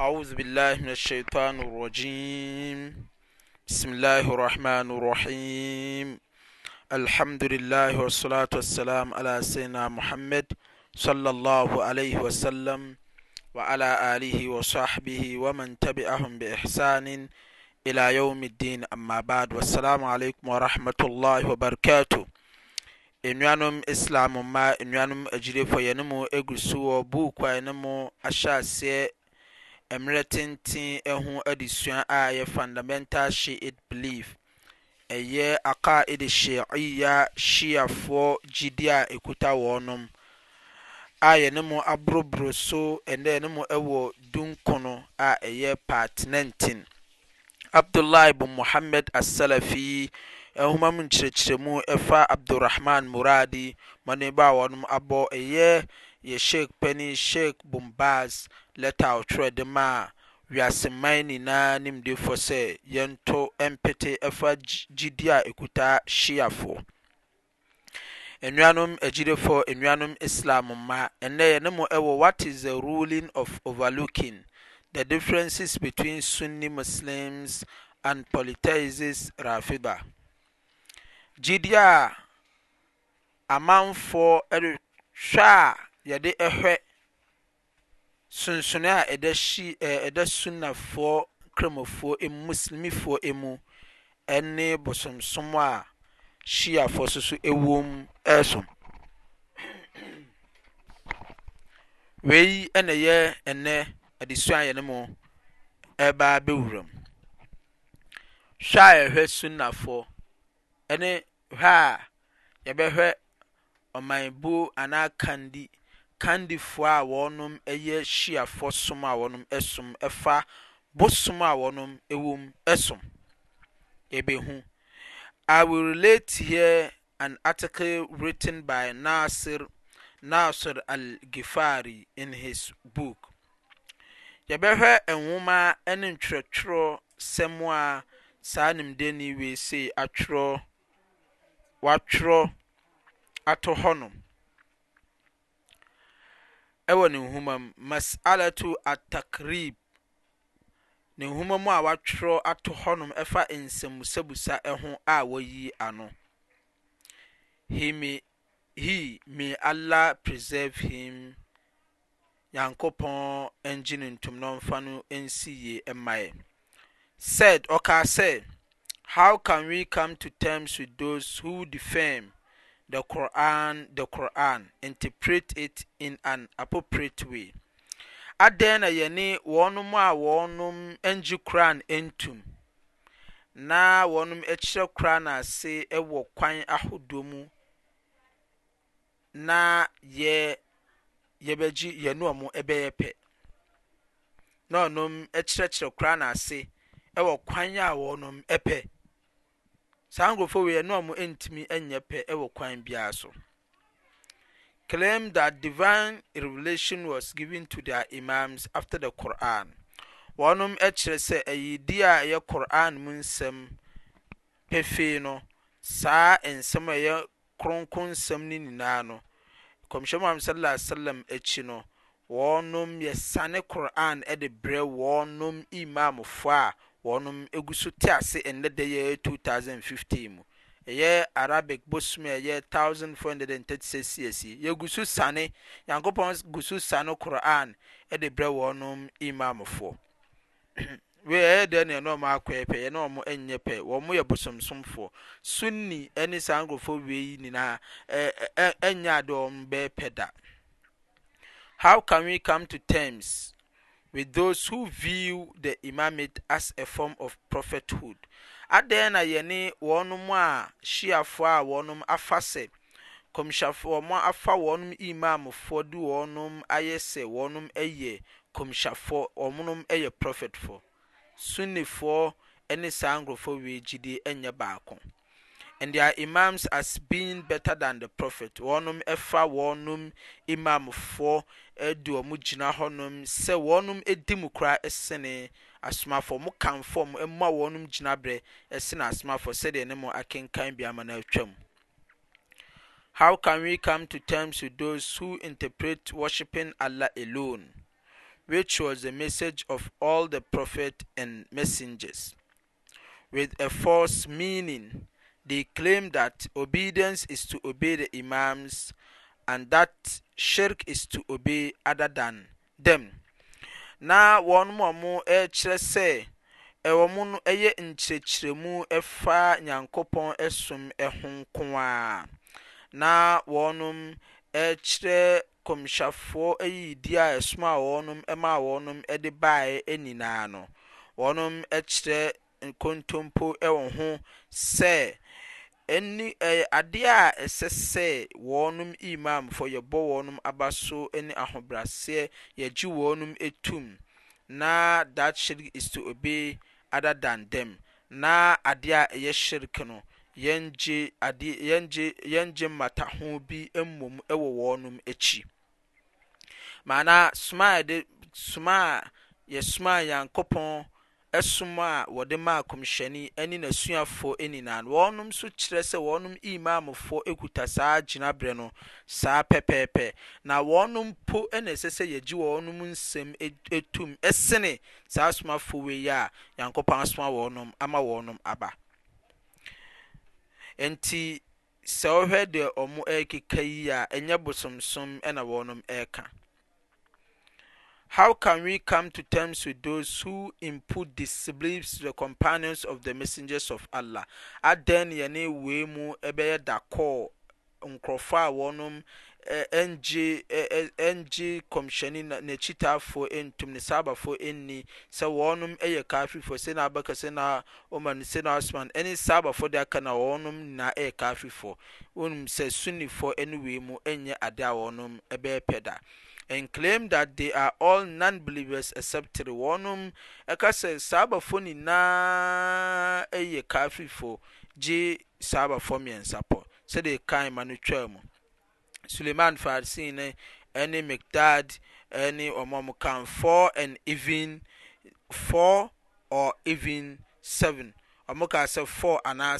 أعوذ بالله من الشيطان الرجيم بسم الله الرحمن الرحيم الحمد لله والصلاة والسلام على سيدنا محمد صلى الله عليه وسلم وعلى آله وصحبه ومن تبعهم بإحسان إلى يوم الدين أما بعد والسلام عليكم ورحمة الله وبركاته nnuanom islam ma nnuanom agyirefoɔ yɛne mu egu so wɔ buukwa yɛne mu ahyɛ aseɛ mmerɛ tenten ho adesua a ɛyɛ fundamental shiit belief ɛyɛ aqaid shiiya shiafoɔ gyidi a ɛkuta wɔnom a yɛne mu aboroboro so ɛnɛ yɛne mu ɛwɔ dunkono a ɛyɛ part 19 abdullah ibn muhammad asalafi nhoma mu nkyerɛkyerɛmu ɛfa abdurrahman muradi mane ba a wɔnom abɔ ɛyɛ yɛ sheikh pani sheikh bombaz ltaterɛde ma a wiaseman nyinaa nemdefoɔ sɛ yɛnto mpete fa gyidi a ɛkutaa shiafo ngifnno islam mma ɛnnɛɛ no m wɔ whatis the ruling of overlooking the differences between sunni muslims and polytaises rafiba gyidia amanfoɔ dwehwɛyɛdehwɛ nsonsonoeɛ a ɛda hyi ɛɛ ɛda sunnafoɔ nkramofoɔ mu muslimifoɔ mu ne bosonsom a shiafoɔ soso so ɛsom mu ɛresom wei na ɛyɛ ɛnɛ adesua a yɛne mu ɛreba abɛwura mu hwɛ a yɛhwɛ sunnafoɔ ne hwɛ a yɛbɛhwɛ ɔmanbuo anaa kandi andfoɔ awɔnom yɛ hyiafsoma wɔnomsom fa bosom a wɔnomwmsomb i wl relate here an article written by narnaser algifari in his book yɛbɛhwɛ homaa ne ntwerɛtwerɛ sɛm a saa nimdeniwe sei watworo atɔ hɔno ɛwɔ ne nhomam masalato atakrib ne nhoma mu a watwerɛ atɔ hɔnom ɛfa nsɛmmusabusa ho a wɔayi ano hi me alah preserve him nyankopɔn angine ntomnɔmfa no nsiyie maɛ sɛd ɔkaa sɛ how can we come to terms with those who defem the Quran, the Quran, interpret it in an appropriate way. Adɛn na yɛne wɔnom a wɔnom ngye Quran ntum na wɔnom kyerɛ Quran ase wɔ kwan ahodoɔ mu na yɛ yɛbɛgye yɛne wɔn bɛyɛ pɛ na wɔnom kyerɛkyerɛ Quran ase wɔ kwan a wɔnom pɛ. saa nkorfo wiɛnoam ntumi yɛ pɛ wɔ kwan bia so claim that divine revelation was given to their imams after the quran wɔnom kyerɛ sɛ ayidi a ɛyɛ koran mu nsɛm pɛfee no saa nsɛm a ɛyɛ kronkro nsɛm no nyinaa no kɔmhyɛ moham ssalm akyi no wɔnom yɛsane koran de berɛ wɔnom imam foɔ a ɔn gus tease ɛnnɛdɛ yɛ 2015 mu yɛ arabic bosom yɛ43sssi yɛgus sane nyankopɔn gusu sane koran de brɛ wɔnom imamfoɔ ɛdneɛnm akɔp ɛny p m y bosomsomfoɔ sunni ne sankrfo winyinaa nyad b pɛ da wecmto rs with those who viaw the imamet as a form of prophethood adɛn na yɛne wɔ nom a syiafoɔ a wɔnom afa sɛ komhyafo mo afa wɔnom imamfoɔ de wɔnom ayɛ sɛ wɔnom yɛ komhyafoɔ ɔmonom yɛ prophetfo sunefoɔ ne saa nkrɔfoɔ werigyedie yɛ baako ear imams as been better than the prophet wɔnom ɛfa wɔnom imamfoɔ aduɔ mu gyina hɔnom sɛ wɔnom di mu kora sene asomafo mo kamfoɔ mo ma wɔnom gyinaberɛ sene asomafo sɛdeɛ ne mo akenkan biama no atwa mu how can we come to terms with those who interpret worshipping alah alone which was the message of all the prophet and messengers with a farse meaning te claim that obedience is to obey the imams and that shirik is to obey other dhan tem na wɔnom a mo ɛkyerɛ sɛ ɛwɔ mo no ɛyɛ nkyerɛkyerɛmu ɛfa nyankopɔn som ho nko a na wɔnom ɛkyerɛ kɔmhyafoɔ ayiyidi a ɛsoma a wɔnom ma a wɔnom de baɛ anyinaa no wɔnom ɛkyerɛ nkontompo wɔ ho sɛ ɛni ɛɛ adeɛ a ɛsɛ sɛ wɔn imamfoɔ yɛbɔ wɔn abaso ɛne ahobrɛaseɛ yɛgye wɔn etum na that shirk is to obey other than them na adeɛ a ɛyɛ shirk no yɛngye adeɛ yɛngye yɛngye mmata ho bi mmom ɛwɔ wɔn akyi maana soma a yɛde soma a yɛsoma yankopɔn som a wɔde maa kɔmhyɛni ne n'asuafoɔ nyinaa no wɔnom nso kyerɛ sɛ wɔnom imamfoɔ kuta saa gyinaberɛ no saa pɛpɛɛpɛ na wɔnom po na ɛsɛ sɛ yɛgye wɔnom nsɛm tum sene saa somafoɔ wei a nyankopɔn asoma wɔnom ama wɔnom aba nti sɛ wɔhwɛ deɛ ɔmo ɛrekeka yi a ɛnyɛ bosomsom na wɔnom ɛreka how can we come to terms with those who imput disblives the companions of the messengers of allah adɛn e, e, e, ne yɛne wei mu ɛbɛyɛ dakɔɔ nkurɔfɔ a wɔnom ngye komhyɛni nakyitaafɔ ntom ne sabafɔ nni sɛ wɔnom yɛ kar fifɔ sene abaka sena oman sena osman ɛne sabafɔ de aka na wɔnom nyinaa yɛ kar fifɔ onum sɛ sunifɔ ne wei mu yɛ ade a wɔnom ɛbɛyɛ pɛda and claim that they are all non-believers except one. of them wɔnom ɛka sɛ saabafo nyinaa ɛyɛ kafirfo gye saabafo mmiɛnsa pɔ support. So they no twaa mu suleiman farisi ne any mcdad can four and even four or even seven ɔmo ka sɛ f anan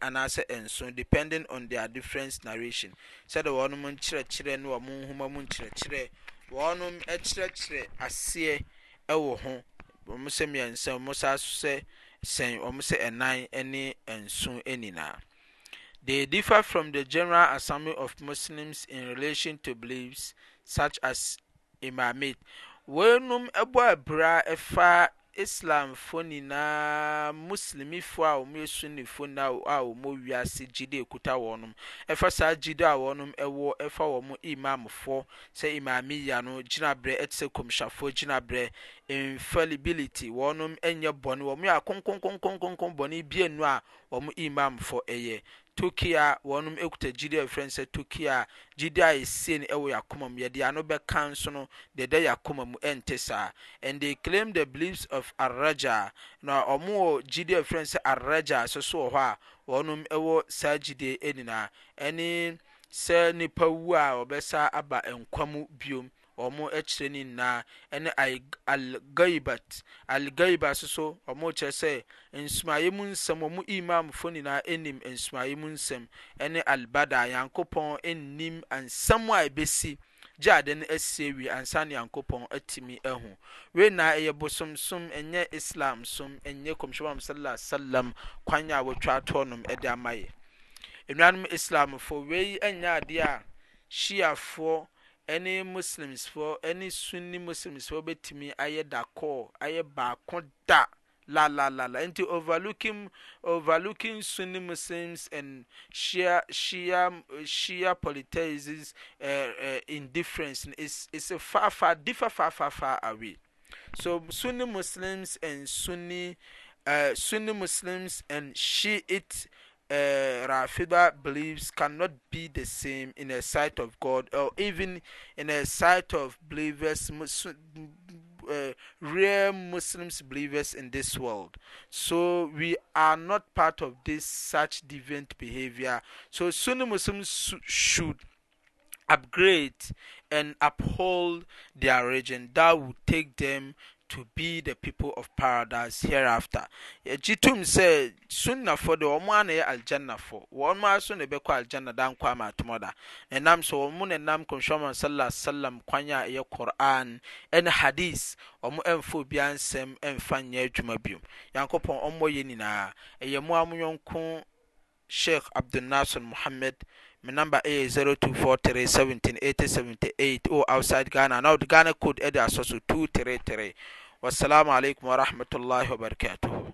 anaasɛ nso dependent on their different narration sɛde wɔnom nkyerɛkyerɛ no ɔ mo nhoma mu nkyerɛkyerɛ wɔnom kyerɛkyerɛ aseɛ wɔ hoɔmosa s sɛs ɔmo s ɛnanne ns ninaa te differ from the general assembly of muslims in relation to believes such as imamit wnm bɔ abera ɛfa islamfoɔ nyinaa muslimifoɔ a wɔn n'ifo na a wɔn wiase gyide ekuta wɔn ɛfa saa gyide a wɔn ɛwɔ ɛfa wɔn imamfoɔ sɛ imamiya no gyinaberɛ ɛte sɛ kɔmhyɛfoɔ gyinaberɛ infallibility wɔnom nyɛ bɔne wɔn yɛ akonkonkonkonkonkon bɔne bie nu a wɔn imamfo yɛ toki a wɔnom kuta gyidi a efrɛ nsɛ toki a gyidi a esie no wɔ yakoma mu yɛde ano bɛka nso no deda yakoma mu ɛnte saa and they claim the beliefs of araja na wɔn wɔ gyidi a efrɛ nsɛ araja soso wɔ hɔ a wɔnom wɔ saa gyidi nyinaa ɛne sɛ nipa wu a wɔbɛsa aba nkwa mu biom. ɔmo kyerɛ ne nyinaa ɛne algaibat algaiba soso ɔmo kyerɛ sɛ nsumaeɛ mu nsɛm ɔmo imamfo nyinaa ɛnim nsumaeɛ mu nsɛm ɛne albada nyankopɔn ɛnim ansɛm a ɛbɛsi gye ade no asie wie ansa ne nyankopɔn atumi ahu wei na ɛyɛ bosomsom ɛnyɛ islam som ɛnyɛ kɔmhyɛmam sallallahu alaihi wasallam kwan a wɔtwa atɔ nom ɛde ama nnuanom islamfoɔ wei ɛnyɛ adeɛ a shiafoɔ n muslimsfn sunni muslimsf betimi ayɛdakɔ ayɛ baakɔ da lallla nt overlooking sunni muslims an shia politis eh, eh, indifferences fdffff awa so sunni muslims an eh, sunni muslims an sheit Eh, rafidba believes cannot be the same in a sight of god or even in a sight of believers eh, real muslims believers in this world so we are not part of this such different behavior so soon muslims should upgrade and uphold their regin that would take them the peplefparis hrgitm sɛ sunnafɔ de ɔm anayɛ alganaf sɛkɔ algana ankɔmatomda namsɔmnas sasalm kwa yɛ kuran ne hadise m mfbia nsɛm fa yɛ adwuma biom yankpɔn ɔmmɔ yɛ nyinaa yɛm amɔnk sh abdunason mohamd menamɛ024378gha deasso 233 والسلام عليكم ورحمة الله وبركاته